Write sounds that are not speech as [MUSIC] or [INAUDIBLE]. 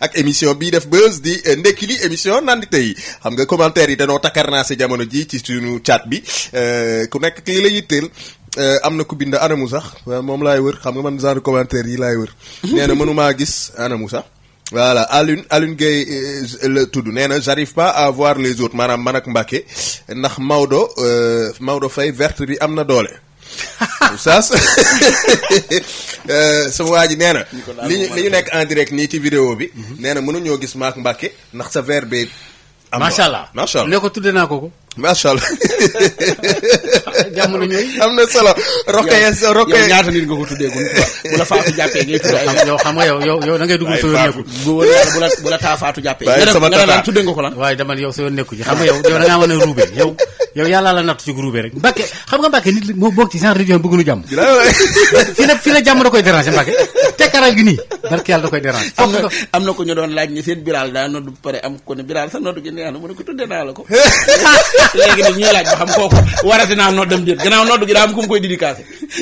ak émission bii def buzz di eh, ndekki li émission nandite yi xam nga commentaire yi danoo takkar naa si jamono ji ci suñu chat bi eh, ku nekk ki la yitteel eh, am na ku bind anamu sax moom laay wër xam nga man genre commentaire yi laay wër [LAUGHS] nee na mënumaa gis anamu sax voilà Alioune Alioune Gueye la tudd nee na j'arrive pas à les autres maanaam man ak Mbacke ndax Maodo Maodo fay verte bi am na doole [LAUGHS] oustaz [LAUGHS] euh, sama waa ji nee na li li ñu nekk en direct nii ci vidéo bi mhm. nee na mënuñoo gis maak Mbàkke ndax sa verre bi am macha allah macha ne ko tudde naa ko ko macha allah [LAUGHS] jamono ñooy am na solo rokkee rokkee ñaata nit nga ko tuddee gun bu la faatu jàppee ngay tudd xam yow xam nga yow yow yow da ngay dugg sa yoon nekku bu la bu la taa faatu waaye dama yow sa nekku ji xam nga yow yow da a ruube yow yow yàlla la natt ci groupe rek Mbacke xam nga Mbacke nit moo bokk ci genre région bëgg nu jàmm fi la fi la jàmm da [LAUGHS] gi nii barke yàlla da koy déranger am na am na ko ñu doon laaj ni seen biral daa noddu pare am ko ne biral sa noddu gi neex na ko tudde naa la ko [LAUGHS] léegi nag ñuy laaj ba xam kooku warati naa noddam déet gannaaw noddu gi daa am ku mu koy dédicacé